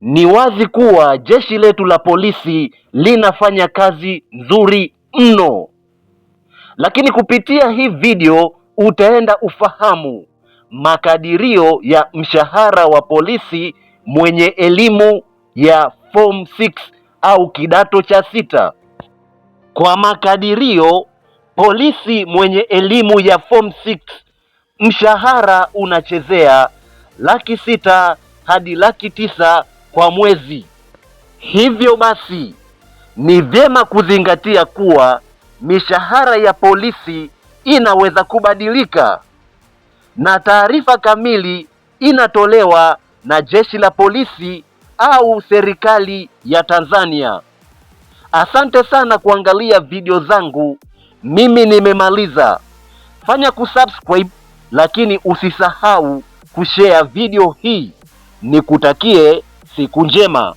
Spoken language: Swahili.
Ni wazi kuwa jeshi letu la polisi linafanya kazi nzuri mno, lakini kupitia hii video utaenda ufahamu makadirio ya mshahara wa polisi mwenye elimu ya form 6 au kidato cha sita. Kwa makadirio, polisi mwenye elimu ya form 6 mshahara unachezea laki sita hadi laki tisa kwa mwezi. Hivyo basi ni vyema kuzingatia kuwa mishahara ya polisi inaweza kubadilika na taarifa kamili inatolewa na Jeshi la Polisi au serikali ya Tanzania. Asante sana kuangalia video zangu, mimi nimemaliza. Fanya kusubscribe, lakini usisahau kushare video hii. Nikutakie siku njema